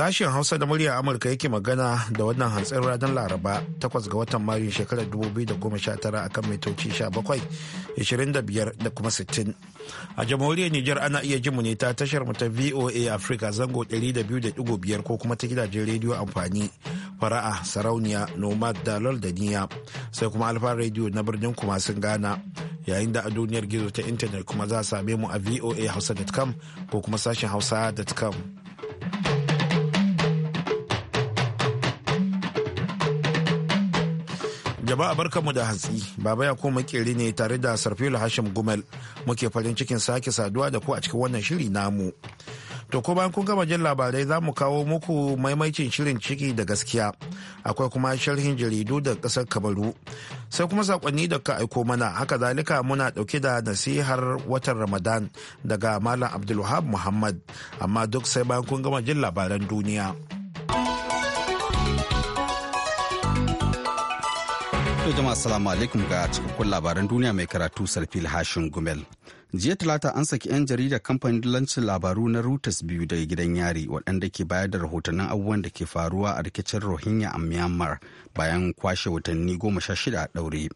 Sashen Hausa da murya Amurka yake magana da wannan hantsin ranar Laraba 8 ga watan Mayu shekarar 2019 akan mitoci 17, 25 da kuma 60. A jamhuriyar Nijar ana iya jin mu ne ta tashar mu ta VOA Africa zango 200.5 ko kuma ta gidajen rediyo amfani fara'a sarauniya nomad da dalol da niya sai kuma alfa rediyo na birnin kuma sun gana yayin da a duniyar gizo ta intanet kuma za a same mu a voa hausa.com ko kuma sashen hausa.com Jama'a barkanmu da hatsi, Baba ya kuma makeri ne tare da Sarfilu Hashim Gumel muke farin cikin sake saduwa da ku a cikin wannan shiri namu. To ko bayan kun gama jin labarai za mu kawo muku maimaicin shirin ciki da gaskiya. Akwai kuma sharhin jaridu da kasar Kabaru. Sai kuma sakonni da ka aiko mana haka zalika muna ɗauke da nasihar watan Ramadan daga Malam Abdulwahab Muhammad. Amma duk sai bayan kun gama jin labaran duniya. To jama'a assalamu alaikum ga cikakkun labaran duniya mai karatu Sarfil Hashin Gumel. Jiya talata an saki 'yan jarida kamfanin lancin labaru na Reuters biyu daga gidan yari waɗanda ke bayar da rahotannin abubuwan da ke faruwa a rikicin Rohingya a Myanmar bayan kwashe watanni goma sha shida a ɗaure.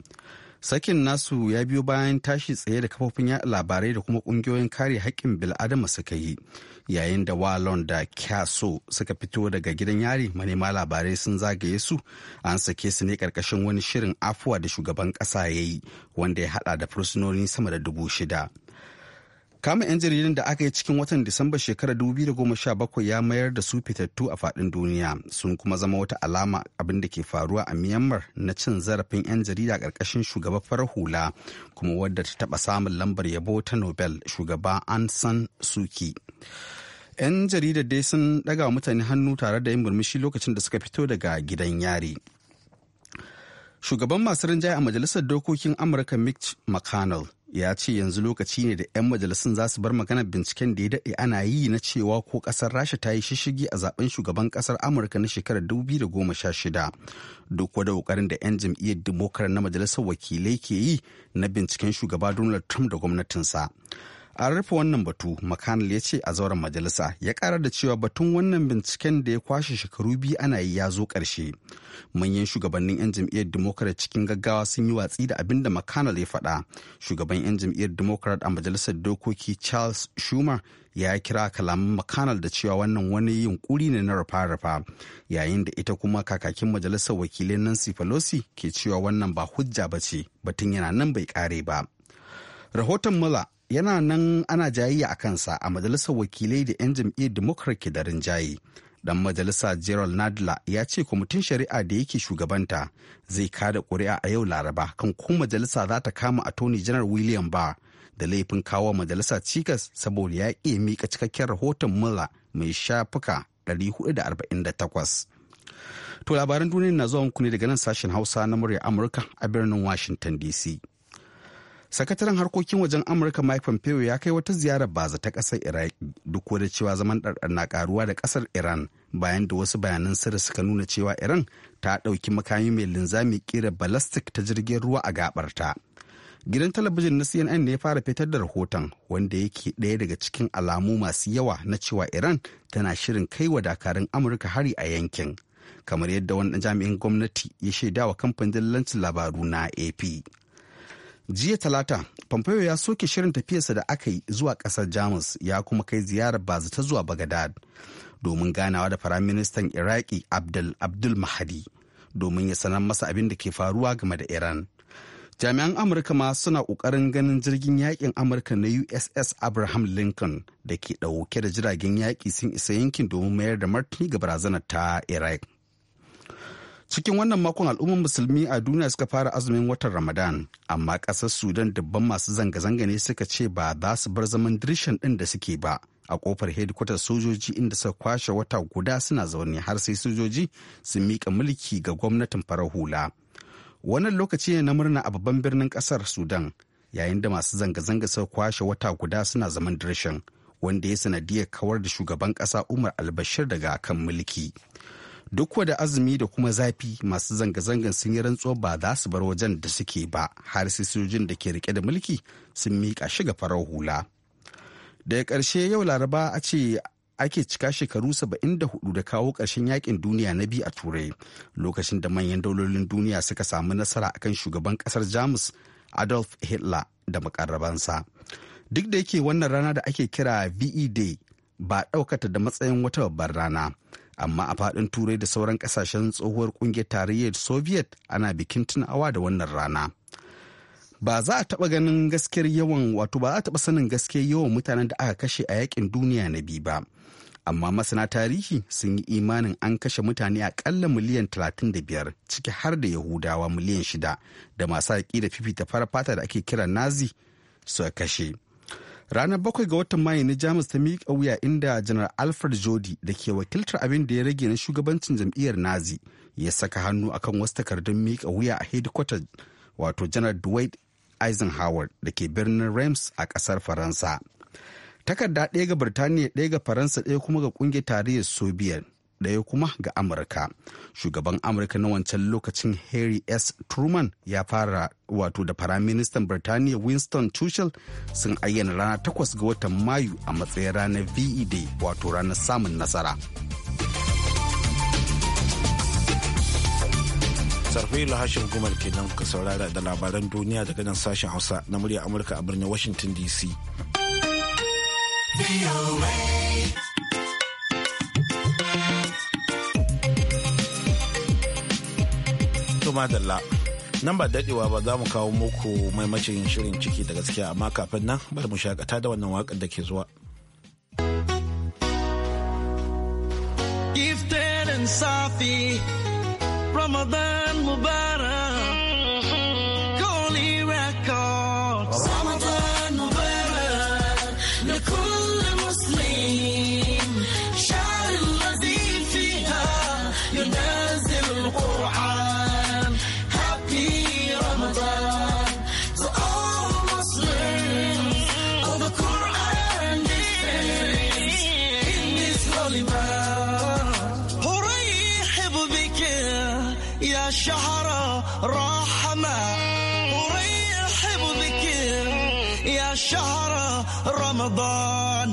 Sakin nasu ya biyo bayan tashi tsaye da kafofin yaɗa labarai da kuma ƙungiyoyin kare haƙƙin bil'adama suka yi yayin da walon da kyaso suka fito daga gidan yari manema labarai sun zagaye su an sake su ne karkashin wani shirin afuwa da shugaban kasa ya yi wanda ya hada da fursunoni sama da dubu shida. kama 'yan jaridan da aka yi cikin watan disamba shekarar 2017 ya mayar da su fitattu a fadin duniya sun kuma zama wata alama abin da ke faruwa a myanmar na cin zarafin 'yan jarida karkashin shugaba farar hula kuma wadda ta taɓa samun lambar yabo ta nobel shugaba an san suki 'yan jaridar dai sun ɗaga mutane hannu tare da yin murmushi lokacin da suka fito daga gidan yari shugaban masu rinjaye a majalisar dokokin amurka mitch mcconnell ya ce yanzu lokaci ne da 'yan majalisun za su bar maganar binciken da ya daɗe ana yi na cewa ko ƙasar rasha ta yi shishigi a zaben shugaban ƙasar amurka na shekarar 2016 duk wadda ƙoƙarin da 'yan jam'iyyar demokar na majalisar wakilai ke yi na binciken shugaba donald trump da gwamnatinsa an rufe wannan batu mcconnell ya ce a zauren majalisa ya kara da cewa batun wannan binciken da ya kwashe shekaru biyu ana yi ya zo karshe manyan shugabannin 'yan jam'iyyar democrat cikin gaggawa sun yi watsi da abin da mcconnell ya faɗa shugaban 'yan jam'iyyar democrat a majalisar dokoki charles schumer ya kira kalaman mcconnell da cewa wannan wani yunkuri ne na rufa-rufa yayin da ita kuma kakakin majalisar wakilai nancy pelosi ke cewa wannan ba hujja ba ce batun yana nan bai kare ba rahoton mula yana nan ana jayayya a kansa a majalisar wakilai da 'yan jam'iyyar democrat ke da rinjaye dan majalisa gerald nadler ya ce kwamitin shari'a da yake shugabanta zai kada kuri'a a yau laraba kan ko majalisa za ta kama attorney general william ba da laifin kawo majalisa cikas saboda ya iya mika cikakken rahoton mula mai shafuka 448 to labaran duniya na zuwa kuna ne daga nan sashen hausa na murya amurka a birnin washington dc sakataren harkokin wajen amurka mike pompeo ya kai wata ziyarar baza ta kasar iraki duk da cewa zaman ɗarɗar na karuwa da kasar iran bayan da wasu bayanan sirri suka nuna cewa iran ta ɗauki makami mai linzami kera balastik ta jirgin ruwa a gabarta gidan talabijin na cnn ne ya fara fitar da rahoton wanda yake ɗaya daga cikin alamu masu yawa na cewa iran tana shirin kai wa dakarun amurka hari a yankin kamar yadda wani jami'in gwamnati ya shaidawa kamfanin labaru na ap jiya talata pompeo ya soke shirin tafiyarsa da aka yi zuwa kasar jamus ya kuma kai ziyarar bazata zuwa bagadad domin ganawa da firaministan iraki abdul abdul mahadi domin ya sanar masa abin da ke faruwa game da iran jami'an amurka ma suna ƙoƙarin ganin jirgin yakin amurka na uss abraham lincoln da ke ɗauke da jiragen yaƙi sun isa yankin domin mayar da martini ga barazanar ta iraq cikin wannan makon al'ummar musulmi a duniya suka fara azumin watan ramadan amma ƙasar sudan dubban masu zanga-zanga ne suka ce ba za su bar zaman dirishan ɗin da suke ba a kofar hedikwatar sojoji inda suka kwashe wata guda suna zaune har sai sojoji su miƙa mulki ga gwamnatin farar hula wannan lokaci ne na murna a babban birnin ƙasar sudan yayin da masu zanga-zanga suka kwashe wata guda suna zaman dirishan, wanda ya sanadiyar kawar da shugaban ƙasa umar albashir daga kan mulki duk wada azumi da kuma zafi masu zanga-zangan sun yi rantsuwa ba za su bar wajen da suke ba har sai sojojin da ke rike da mulki sun miƙa shi ga farar hula daga ƙarshe yau laraba a ce ake cika shekaru 74 da kawo ƙarshen yakin duniya na biyu a turai lokacin da manyan daulolin duniya suka samu nasara akan shugaban ƙasar jamus adolf hitler da makarrabansa duk da yake wannan rana da ake kira ve day ba ɗaukata da matsayin wata babbar rana amma a faɗin turai da sauran ƙasashen tsohuwar ƙungiyar tarayyar soviet ana bikin tunawa da wannan rana ba za a taɓa ganin gaskiyar yawan wato ba za a taɓa sanin gaskiyar yawan mutanen da aka kashe a yakin duniya na biyu ba amma masana tarihi sun yi imanin an kashe mutane aƙalla miliyan 35 ciki har da yahudawa miliyan 6 da masu haƙi da fifita fara fata da ake kira nazi su kashe ranar bakwai ga watan mayu na jamus ta miƙa wuya inda janar alfred jodi da ke wakiltar abin da ya rage na shugabancin jam'iyyar nazi ya saka hannu akan wasu takardun miƙa wuya a hedikwatar wato janar dwight eisenhower da ke birnin reims a ƙasar faransa takarda ɗaya ga birtaniya ɗaya ga faransa ɗaya kuma ga ƙungiyar tarayyar soviet ɗaya kuma ga amurka shugaban amurka na wancan lokacin harry s truman ya fara wato da firaministan birtaniya winston churchill sun ayyana rana takwas ga watan mayu a matsayin ranar ve day wato ranar samun nasara sarfilo lahashin gumar kenan ka saurara da labaran duniya daga nan sashen hausa na murya amurka a birnin washington dc dalla nan ba dadewa ba za mu kawo muku maimacin shirin ciki da gaskiya amma kafin nan bari mu shakata da wannan wakar da ke zuwa gifted and safi ramadan mubarak شهر رمضان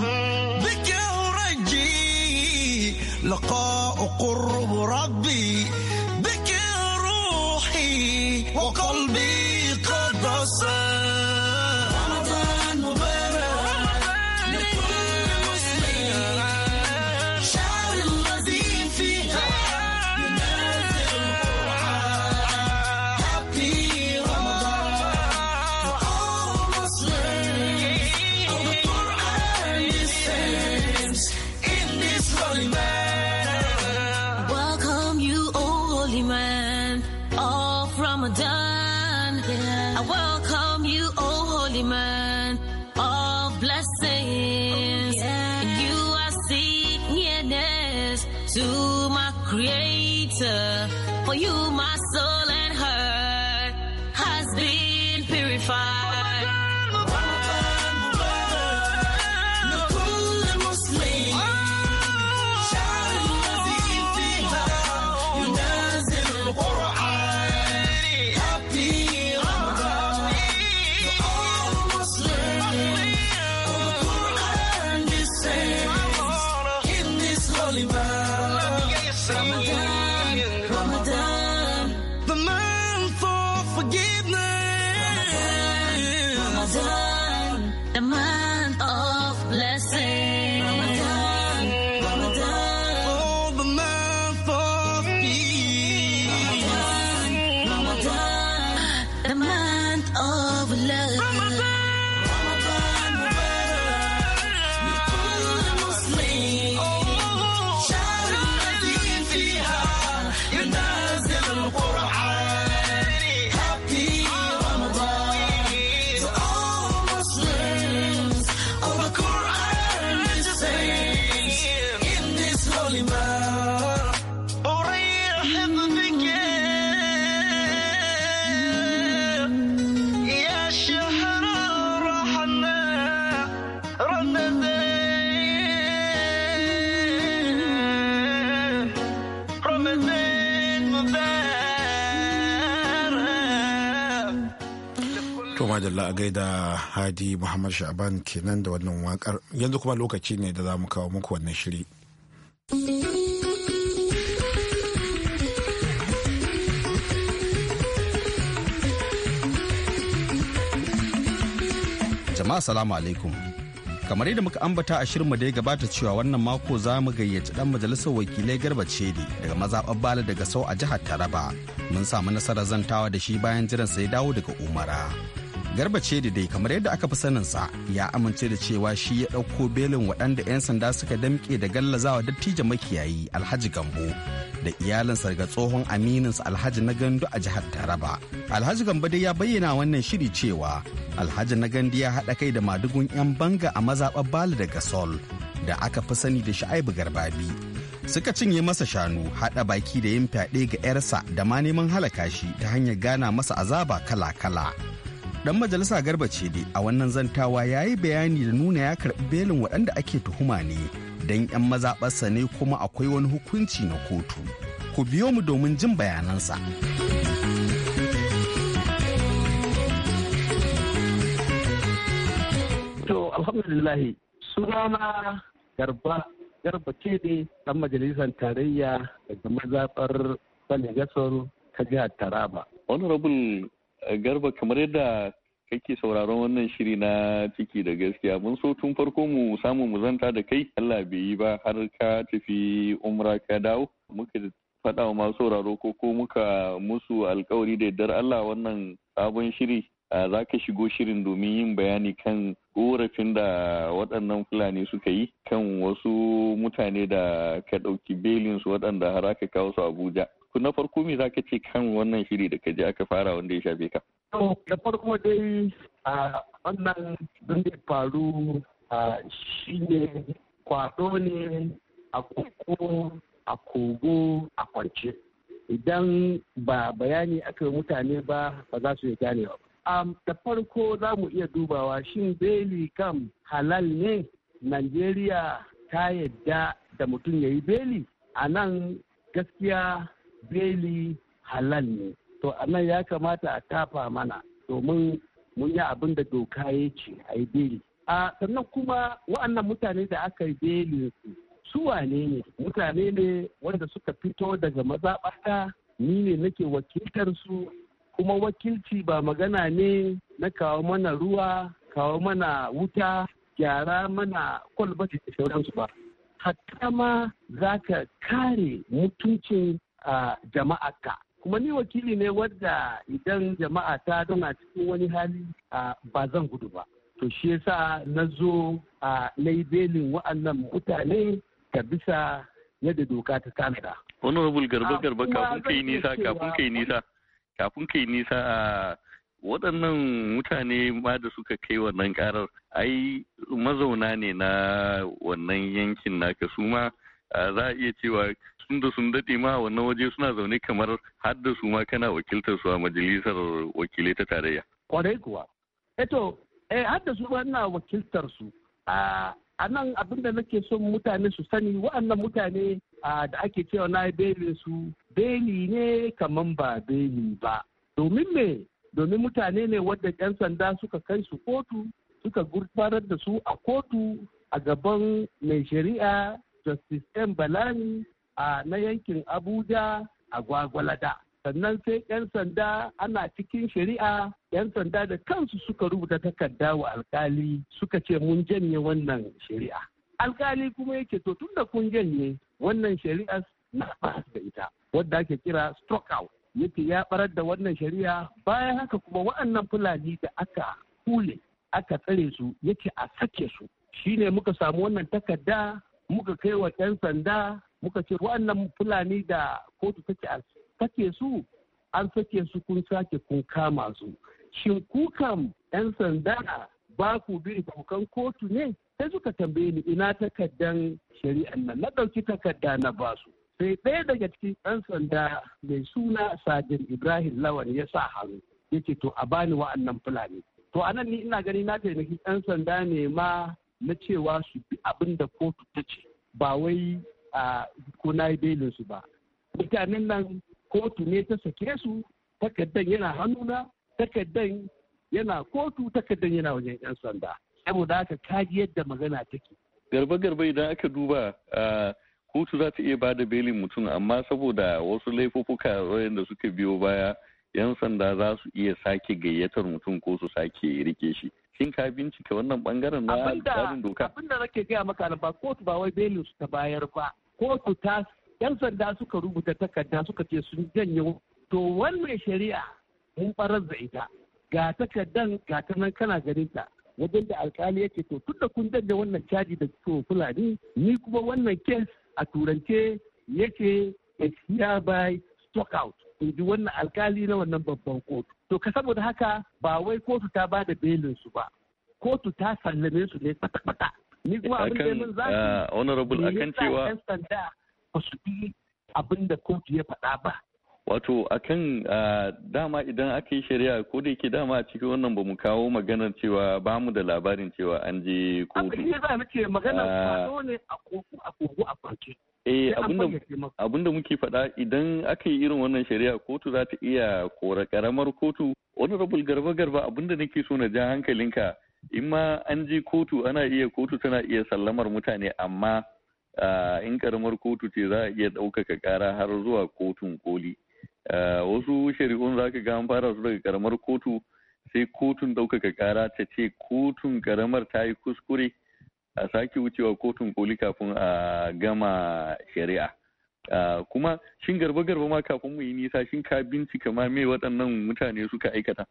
بك أرجي لقاء قرب ربي بك روحي وقلبي قد صار Five. Allah a gaida hadi muhammad shaban kenan da wannan wakar yanzu kuma lokaci ne da za mu kawo muku wannan shiri jama'a salamu alaikum kamar yadda muka ambata a shirinmu da ya gabata cewa wannan mako za mu gayyaci dan majalisar wakilai garba cedi daga mazaɓar bala daga sau a jihar taraba mun samu nasarar zantawa da shi bayan jiran sai dawo daga umara garba ce da dai kamar yadda aka fi saninsa ya amince da cewa shi ya ɗauko belin waɗanda 'yan sanda suka damƙe da gallazawa dattijan makiyayi alhaji gambo da iyalinsa ga tsohon amininsa alhaji na gandu a jihar taraba alhaji gambo dai ya bayyana wannan shiri cewa alhaji na gandu ya haɗa kai da madugun 'yan banga a mazaɓar bali daga sol da aka fi sani da sha'ibu garbabi suka cinye masa shanu haɗa baki da yin fyaɗe ga 'yarsa da ma neman halaka shi ta hanyar gana masa azaba kala-kala dan majalisa garba ce dai a wannan zantawa ya yi bayani da nuna ya karɓi belin waɗanda ake tuhuma ne don 'yan mazaɓarsa ne kuma akwai wani hukunci na kotu ku biyo mu domin jin bayanansa to alhamdulillahi sunana garba garba ce ne dan majalisar tarayya daga mazaɓar bane gasar ta jihar taraba rabin garba kamar yadda kake sauraron wannan shiri na ciki da gaskiya mun so tun farko mu samu mu zanta da kai Allah bai yi ba har ka tafi umra ka dawo muka faɗa wa masu sauraro ko ko muka musu alkawari da yardar Allah wannan sabon shiri za ka shigo shirin domin yin bayani kan korafin da waɗannan fulani suka yi kan wasu mutane da ka ɗauki belinsu waɗanda har aka kawo su Abuja. na farko me za ka ce kan wannan shiri da ka je aka fara wanda ya shafe ka to da farko dai a wannan da faru shine kwado ne a koko a kogo a kwance idan ba bayani aka yi mutane ba ba za su yi gane ba. da farko za mu iya dubawa shin beli kam halal ne Najeriya ta yadda da mutum ya yi beli a nan gaskiya beli halal ne to anan ya kamata a tafa mana domin mun yi abin da doka ya ce a yi beli a sannan kuma wa'annan mutane da aka yi beli su wane ne mutane ne wanda suka fito daga mazaɓata ni ne nake wakiltar su kuma wakilci ba magana ne na kawo mana ruwa kawo mana wuta gyara mana kwalbati da sauransu ba hatta ma za ka kare mutuncin jama'arka kuma ni wakili ne wadda idan jama'a ta dana cikin wani hali ba zan gudu ba to shi yasa na zo na yi belin wa'annan mutane ta bisa yadda doka ta tanada. rubul garba garba kafin kai nisa kafin kai nisa kafin kai nisa a waɗannan mutane ma da suka kai wannan karar ai mazauna ne na wannan yankin naka su ma za a iya cewa tunda sun daɗe ma wannan waje suna zaune kamar har su ma kana wakiltar su a majalisar wakilai ta tarayya. Kwarai kuwa. Eto, eh, eh har da su ma wakiltar su. A nan abin da nake son mutane su sani wa'annan mutane da ake cewa na beli su beli ne kamar ba beli ba. Domin me? Domin mutane ne wadda 'yan sanda suka kai su kotu suka gurfarar da su a kotu a gaban mai shari'a Justice M. Balani a na yankin abuja a gwagwalada sannan sai 'yan sanda ana cikin shari'a 'yan sanda da kansu suka rubuta takarda wa alkali suka ce mun janye wannan shari'a alkali kuma yake to tun da kun janye wannan shari'a na da ita wadda ake kira stroke out yake ya barar da wannan shari'a bayan haka kuma wa'annan fulani da aka kule aka tsare su yake a sake su shine muka samu wannan takarda muka kai wa 'yan sanda muka ce wannan fulani da kotu take take su an sake su kun sake kun kama su shin kukan kam 'yan sanda ba ku bi dokan kotu ne sai suka tambaye ni ina takardan shari'an nan na ɗauki takarda na basu sai ɗaya daga cikin ɗan sanda mai suna sajin ibrahim lawan ya sa hannu ya to a bani wa'annan fulani to anan ni ina gani na taimaki 'yan sanda ne ma na cewa su bi abin da kotu ta ce ba wai a ko na yi belinsu ba mutanen nan kotu ne ta sake su takaddan yana hannuna takaddan yana kotu takaddan yana wajen yan sanda saboda aka kaji yadda magana take garba garba idan aka duba kotu za ta iya ba da belin mutum amma saboda wasu laifuffuka da suka biyo baya yan sanda za su iya sake gayyatar mutum ko su sake rike shi shin ka bincika wannan bangaren na tsarin doka da nake gaya maka ba kotu ba wai belin su ta bayar ba kotu ta yan sanda suka rubuta takarda suka ce sun janye to wannan shari'a mun farar da ita ga takardan ga ta nan kana ganin ta wajen da alkali yake to tunda kun janye wannan caji da to fulani ni kuma wannan kes a turance yake it's hereby stock out in ji wannan alkali na wannan babban kotu to ka saboda haka ba wai kotu ta ba da belin su ba kotu ta sallame su ne kwata-kwata ni kuma abin da mun za su uh, honorable akan cewa sanda ba su bi abin da kotu ya faɗa ba wato akan uh, dama idan aka yi shari'a ko da yake dama a cikin wannan ba mu kawo maganar cewa ba mu da labarin cewa an je kotu abin da za mu ce maganar uh, kwado ne a kogo a a kwance Eh da muke faɗa idan aka yi irin wannan shari'a kotu za ta iya kora karamar kotu wani rabul garba garba abin da nake so na ja hankalinka in ma an je kotu ana iya kotu tana iya sallamar mutane amma in karamar kotu ce za a iya ɗaukaka kara har zuwa kotun koli wasu shari'un za ka ga an fara su daga karamar kotu sai kotun ɗaukaka kara ta ce kotun karamar ta yi kuskure a sake wucewa kotun koli kafin a gama shari'a kuma shin garba-garba ma kafin mu yi nisa shin ka bincika ma me waɗannan mutane suka aikata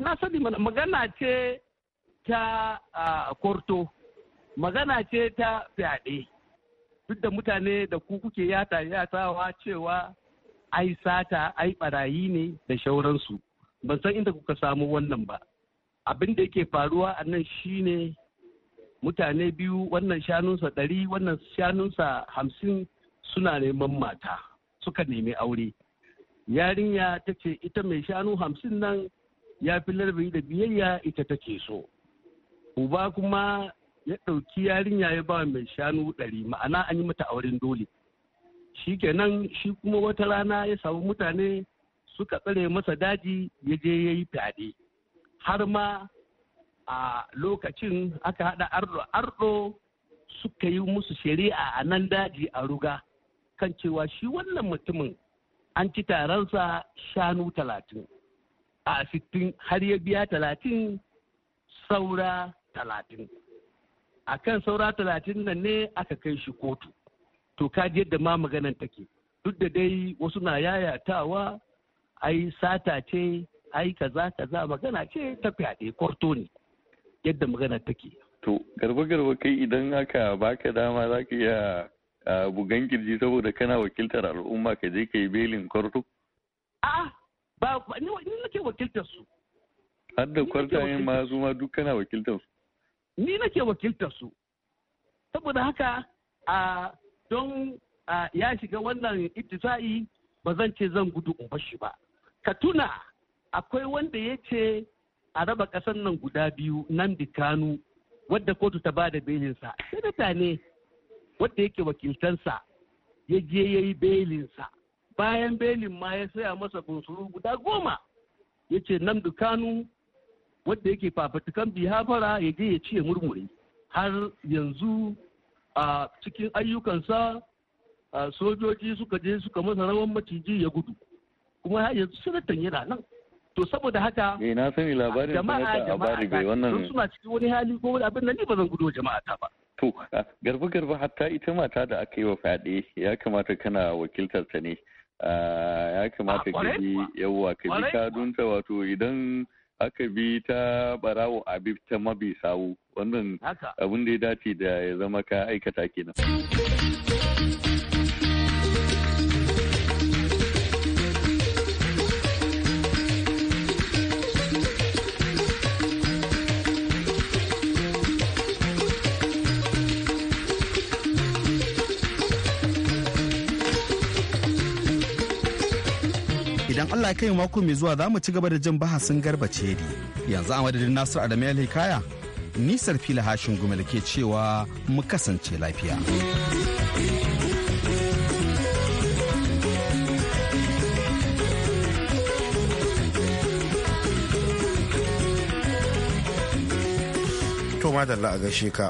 na sani magana ce ta korto magana ce ta fyaɗe duk da mutane da ku kuke yata yatawa cewa ai sata ai barayi ne da shauransu ban san inda kuka samu wannan ba abin da yake faruwa a nan shine mutane biyu wannan shanunsa ɗari wannan shanunsa hamsin suna neman mata suka nemi aure yarinya ta ce ita mai shanu hamsin nan ya fi larbi da biyayya ita take so uba kuma ya ɗauki yarinya ya ba mai shanu ɗari ma'ana an yi mata auren dole shi kenan shi kuma wata rana ya samu mutane suka tsare masa daji ya je ya yi fyaɗe har ma a lokacin aka haɗa ardo-ardo suka yi musu shari'a a nan daji a ruga kan cewa shi wannan mutumin an ci taransa shanu talatin a sittin har ya biya talatin saura talatin a kan saura talatin nan ne aka kai shi kotu to ji yadda ma maganan take duk da dai wasu na yayatawa ai sata ce ai kaza kaza magana ce ta fyaɗe kwarto ne yadda magana take. To, garba-garba kai idan haka baka dama za ka iya bugan kirji saboda kana wakiltar al'umma ka je ka yi belin kwarto? A'a, ba ni nake wakiltar su. Har da kwartayen ma su ma duk kana wakiltar su. Ni nake wakiltar su. Saboda haka a don ya shiga wannan ittifa'i ba zan ce zan gudu in bashi ba. Ka tuna akwai wanda ya ce a raba ƙasar nan guda biyu nan kanu wadda kotu ta ba da belinsa sanata ne wadda yake wakiltansa ya je ya yi belinsa bayan belin ma ya saya masa bunsuru guda goma ya ce nan kanu wadda yake fafatukan bihafara ya je ya ciye murmure har yanzu a cikin ayyukansa sojoji suka je suka masa rawan maciji ya gudu kuma yanzu sanatan yana nan to saboda haka eh na sani labarin jama'a bai wannan suna cikin wani hali ko wani abin da ni ba zan gudu jama'a ta ba to garba garba hatta ita mata da aka yi wa fyaɗe ya kamata kana wakiltar ta ne ya kamata ka bi yawwa ka bi kadunta wato idan aka bi ta barawo abib ta mabi sawu wannan abin da ya dace da ya zama ka aikata kenan. idan Allah ya kai mako mai zuwa za mu ci gaba da jin bahasin garba ceri yanzu a madadin Nasiru Adamu Hikaya nisar fila hashin gumel ke cewa mu kasance lafiya. To madalla a gaishe ka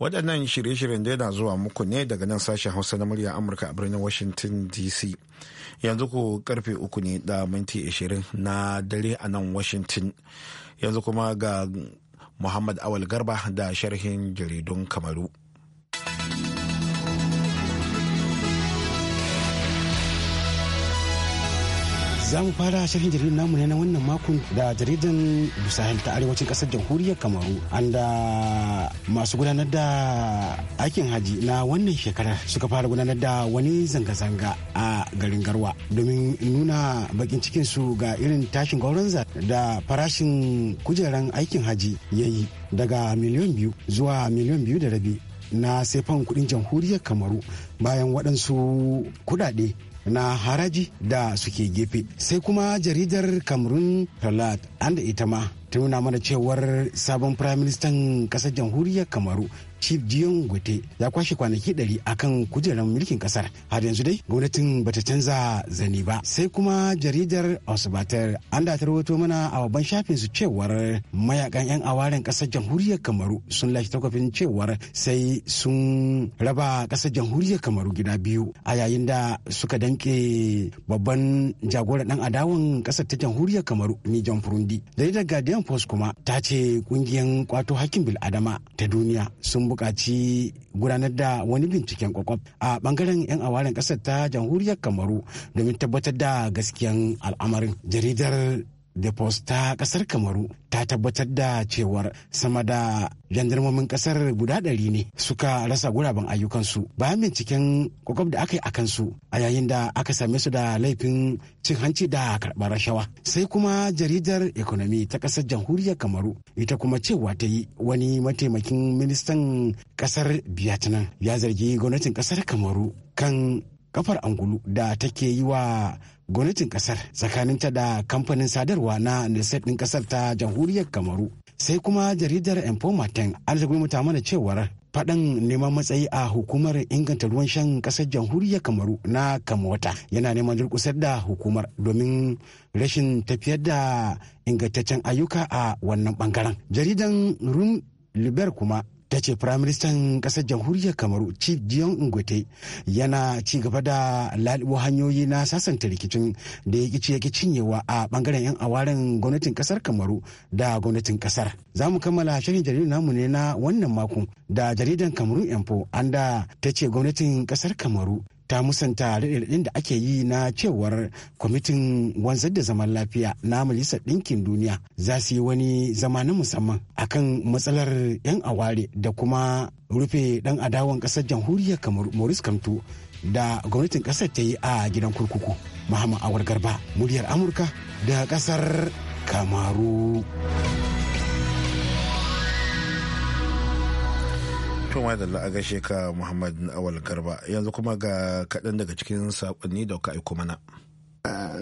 waɗannan shirye-shiryen dai na zuwa muku ne daga nan sashen hausa na murya amurka a birnin washington dc yanzu ku karfe uku ne da minti 20 na dare a nan washington yanzu kuma ga muhammad awal garba da sharhin jaridun kamaru Za mu fara shirin jaridun namu ne na wannan makon da jaridan Sahel ta arewacin kasar jamhuriyar Kamaru an da masu gudanar da aikin haji na wannan shekarar suka fara gudanar da wani zanga-zanga a garin Garwa domin nuna bakin cikin su ga irin tashin gwauranza da farashin kujeran aikin haji yi daga miliyan biyu zuwa miliyan biyu da rabi na sefan kudin jamhuriyar kamaru bayan waɗansu kudade na haraji da suke gefe sai kuma jaridar cameroon talat an da ita ma ta nuna mana cewar sabon firaministan ƙasar jamhuriyar kamaru chief dion gote ya kwashe kwanaki ɗari kan kujerar mulkin kasar har yanzu dai gwamnatin bata canza zani ba sai kuma jaridar osbatar an da tarwato mana a babban shafin su cewar mayakan yan awaren kasar jamhuriyar kamaru sun lashe takwafin cewar sai sun raba kasar jamhuriyar kamaru gida biyu a yayin da suka danke babban jagoran dan adawan kasar ta jamhuriyar kamaru ni jan furundi jaridar guardian post kuma ta ce kungiyan kwato hakkin bil'adama ta duniya sun buƙaci gudanar da wani binciken kwakwaf a bangaren 'yan awaren ƙasar ta jamhuriyar kamaru domin tabbatar da gaskiyan al'amarin jaridar Depos ta kasar Kamaru ta tabbatar da cewar sama da jandarmomin kasar guda ɗari ne suka rasa guraben ayyukansu bayan binciken kwakwab da aka yi a kansu a yayin da aka same su da laifin cin hanci da karɓar rashawa. Sai kuma jaridar ekonomi ta kasar jamhuriyar Kamaru ita kuma cewa ta yi wani mataimakin ministan kasar Vietnam ya zargi gwamnatin kasar Kamaru kan kafar angulu da take yi wa gwamnatin kasar tsakaninta da kamfanin sadarwa na nisef ɗin kasar ta jamhuriyar kamaru sai kuma jaridar informaten arziki ta mana cewar faɗan neman matsayi a hukumar inganta ruwan shan ƙasar jamhuriyar kamaru na kamota yana neman durkusar da hukumar domin rashin tafiyar da ingantaccen ayyuka a wannan bangaren jaridan rum liber kuma ta ce firaministan ƙasar jamhuriyar kamaru chief dion ngwete yana ci gaba da lalibo hanyoyi na sasanta rikicin da ya kici yake cinyewa a bangaren 'yan awarin gwamnatin ƙasar kamaru da gwamnatin ƙasar za mu kammala shirin jaridar namu ne na wannan makon da jaridar kamaru info an da ta ce gwamnatin ƙasar kamaru ta musanta raɗaɗin da ake yi na cewar kwamitin wanzar da zaman lafiya na majalisar ɗinkin duniya za su yi wani zama na musamman akan matsalar 'yan aware da kuma rufe ɗan adawan ƙasar jamhuriyar kamar maurice kamto da gwamnatin ƙasar ta yi a gidan kurkuku muhammad awar garba muryar amurka da ƙasar kamaru. To da a gaishe ka Muhammad Awal Garba yanzu kuma ga kaɗan daga cikin saƙonni da ka aiko mana.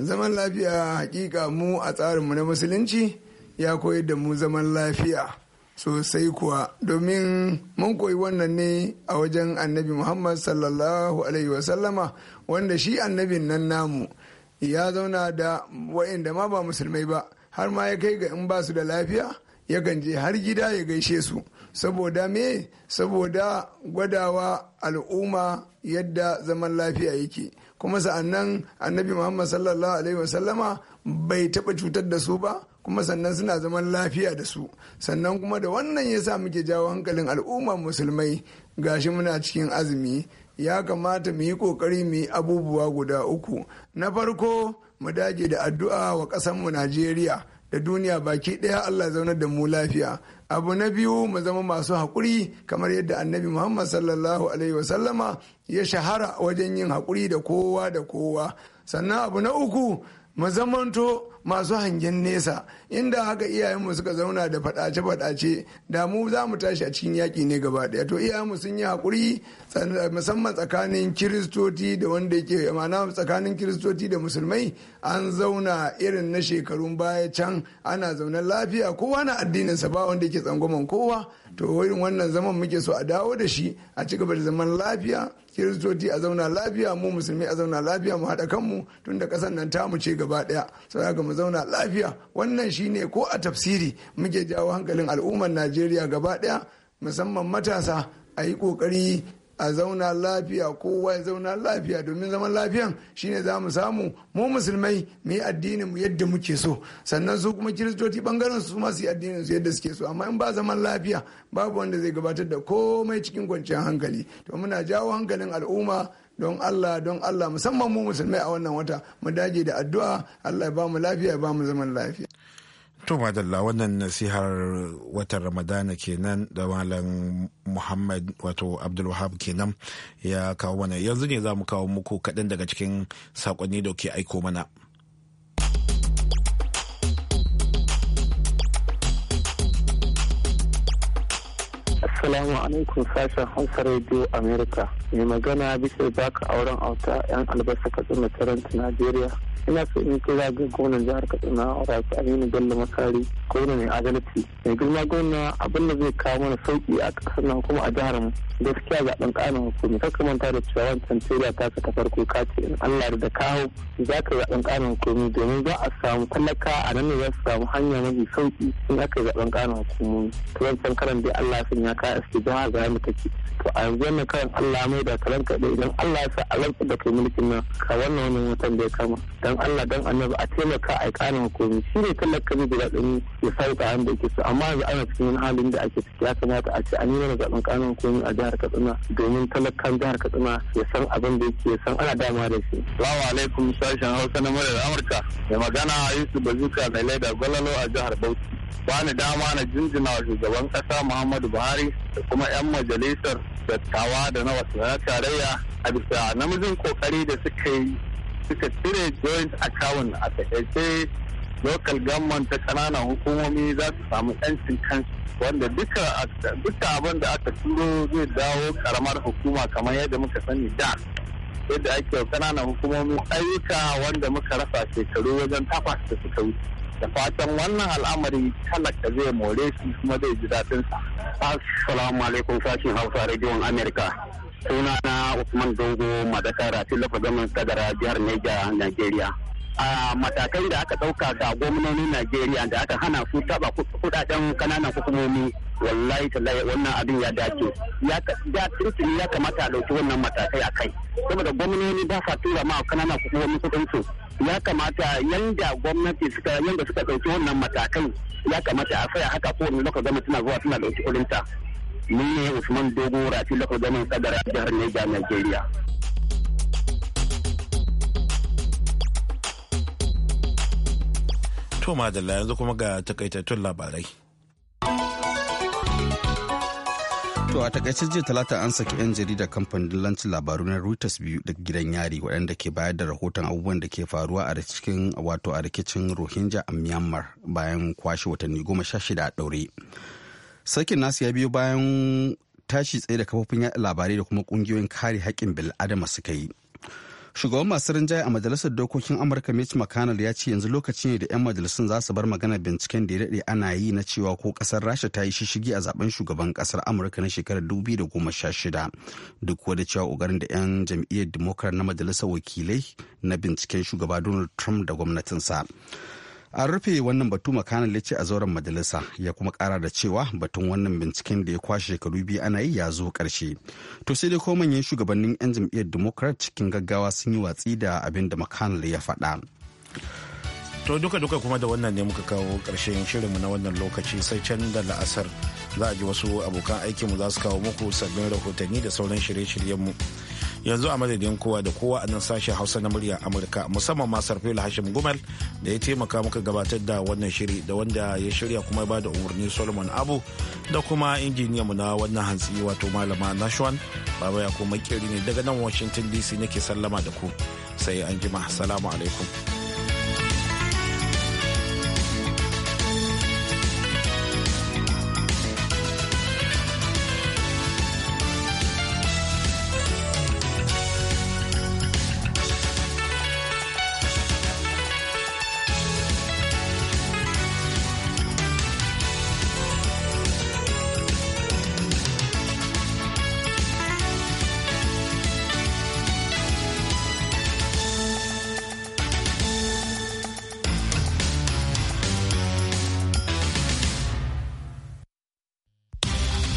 Zaman lafiya hakika mu a tsarinmu na musulunci ya koyar da mu zaman lafiya sosai kuwa domin mun koyi wannan ne a wajen annabi Muhammad sallallahu alaihi wasallama wanda shi annabin nan namu ya zauna da wa'inda ma ba musulmai ba har ma ya kai ga in ba su da lafiya ya je har gida ya gaishe su. saboda me saboda gwadawa al'umma yadda zaman lafiya yake kuma sa'annan annabi muhammad sallallahu alaihi wasallama bai taɓa cutar da su ba kuma sannan suna zaman lafiya da su sannan kuma da wannan ya sa muke jawo hankalin al'ummar musulmai gashi muna cikin azumi ya kamata mu yi kokari mu yi abubuwa guda uku na farko mu dage da addu'a wa ƙasarmu najeriya da duniya baki ɗaya Allah zaunar da mu lafiya abu na biyu mu zama masu haƙuri kamar yadda annabi muhammad sallallahu alaihi wasallama ya shahara wajen yin haƙuri da kowa da kowa sannan abu na uku mu zamanto masu hangen nesa inda haka iyayenmu suka zauna da faɗace-faɗace da mu za mu tashi a cikin yaƙi ne gaba daya to iyayenmu sun yi haƙuri musamman tsakanin kiristoci da wanda yake ma'ana tsakanin kiristoci da musulmai an zauna irin na shekarun baya can ana zaunar lafiya kowa na addininsa ba wanda ke tsangwaman kowa to irin wannan zaman muke so a dawo da shi a cigaba da zaman lafiya kiristoci a zauna lafiya mu musulmi a zauna lafiya mu haɗa kanmu tun da ƙasar nan tamu ce gaba ɗaya sau ga mu zauna lafiya wannan shine ko a tafsiri muke jawo hankalin al'ummar najeriya gaba ɗaya musamman matasa a yi ƙoƙari a zauna lafiya kowa ya zauna lafiya domin zaman lafiyan shine za mu samu mu musulmai mu yi addinin mu yadda muke so sannan su kuma kiristoci bangaren su ma su yi addinin su yadda suke so amma in ba zaman lafiya babu wanda zai gabatar da komai cikin kwanciyar hankali to muna jawo hankalin al'umma don Allah don Allah musamman mu musulmai a wannan wata mu dage da addu'a Allah ya ba mu lafiya ya ba mu zaman lafiya To madalla wannan nasihar watan Ramadana kenan da Malam Muhammad wato Abdulwahab kenan ya kawo mana yanzu ne za mu kawo muku kaɗan daga cikin sakonni da ke aiko mana. Assalamu alaikum sashen Hausa Radio America. Mai magana bisa baka auren auta 'yan albasa Katsina taron Najeriya. ina so in kira ga gonar jihar katsina a a aminu bello masari gwamna mai adalci mai girma gwamna abin da zai kawo mana sauki a ƙasar nan kuma a jihar mu gaskiya zaɓen ƙanan hukumi kar manta da cewa wancan teriya ta saka farko ka ce in allah da kawo za ka zaɓen ƙanan hukumi domin za a samu talaka a nan ne za su samu hanya mafi sauki in aka zaɓen ƙanan hukumomi to wancan karan dai allah sun ya kawo aski jihar ga mu take to a yanzu wannan karan allah mai da kalan kaɗai idan allah ya sa a rantsar da kai mulkin nan ka wannan wannan watan da ya kama dan Allah dan annabi a taimaka a ƙarin hukumi shi ne talaka ne guda ɗari ya sai ta da yake su amma yanzu ana cikin halin da ake ciki ya kamata a ce an yi mana zaɓen ƙarin hukumi a jihar Katsina domin talakan jihar Katsina ya san abin da yake san ana dama da shi. Salamu alaikum sashen Hausa na da Amurka mai magana Yusuf Bazuka mai laida gwalalo a jihar Bauchi. Bani dama na jinjina wa shugaban ƙasa Muhammadu Buhari da kuma 'yan majalisar dattawa da na wasu tarayya a bisa namijin kokari da suka yi suka cire joint account a takaice local government ta kananan hukumomi za su samu yancin kansu wanda duka abin da aka turo zai dawo karamar hukuma kamar yadda muka sani da yadda ake kananan hukumomi ayyuka wanda muka rasa shekaru wajen tafasa da suka wuce da fatan wannan al'amari talaka zai more su kuma zai ji daɗinsa. Assalamu alaikum sashen Hausa rediyon Amerika. sunana usman dogo madakara lafa gamin kadara jihar neja nigeria a matakai da aka ɗauka ga gwamnoni najeriya da aka hana su taba kudaden kananan hukumomi wallahi tallahi wannan abin ya dace ya tuntuni ya kamata a ɗauki wannan matakai a kai saboda gwamnoni ba sa tura ma kananan hukumomi kudin su ya kamata yanda gwamnati suka yanda suka ɗauki wannan matakai ya kamata a saya haka kowane lokacin gwamnati tana zuwa suna ɗauki kudin ni ne usman dogo rafi lafa ganin sadara jihar neja nigeria to madalla yanzu kuma ga takaitattun labarai To a takaice jiya talata an saki 'yan jarida kamfanin dillancin labaru na Reuters biyu da gidan yari waɗanda ke bayar da rahoton abubuwan da ke faruwa a cikin wato a rikicin Rohingya a Myanmar bayan kwashe watanni goma sha shida a ɗaure. sarkin nasu ya biyo bayan tashi tsaye da kafofin yaɗa labarai da kuma kungiyoyin kare haƙƙin bil'adama suka yi shugaban masu rinjaye a majalisar dokokin amurka mitch mcconnell ya ce yanzu lokaci ne da 'yan majalisun za su bar magana binciken da ya daɗe ana yi na cewa ko ƙasar rasha ta yi shishigi a zaben shugaban ƙasar amurka na shekarar 2016 duk da cewa ƙoƙarin da 'yan jam'iyyar democrat na majalisar wakilai na binciken shugaba donald trump da gwamnatinsa an rufe wannan batu makanan ya a zauren majalisa ya kuma kara da cewa batun wannan binciken da ya kwashe shekaru biyu ana yi ya zo karshe to sai dai ko manyan shugabannin 'yan jam'iyyar democrat cikin gaggawa sun yi watsi da abin da mcconnell ya faɗa to duka-duka kuma da wannan ne muka kawo ƙarshen shirinmu na wannan lokaci sai can da la'asar za a ji wasu abokan aikinmu za su kawo muku sabbin rahotanni da sauran shirye-shiryenmu yanzu a madadin kowa da kowa a nan sashen hausa na murya amurka musamman ma sarfil hashim gumal da ya taimaka muka gabatar da wannan shiri da wanda ya shirya kuma ba da umarni solomon abu da kuma injiniyanmu na wannan hantsi wato malama nashwan baba ya kuma ne daga nan washington dc nake sallama da ku sai an jima salamu alaikum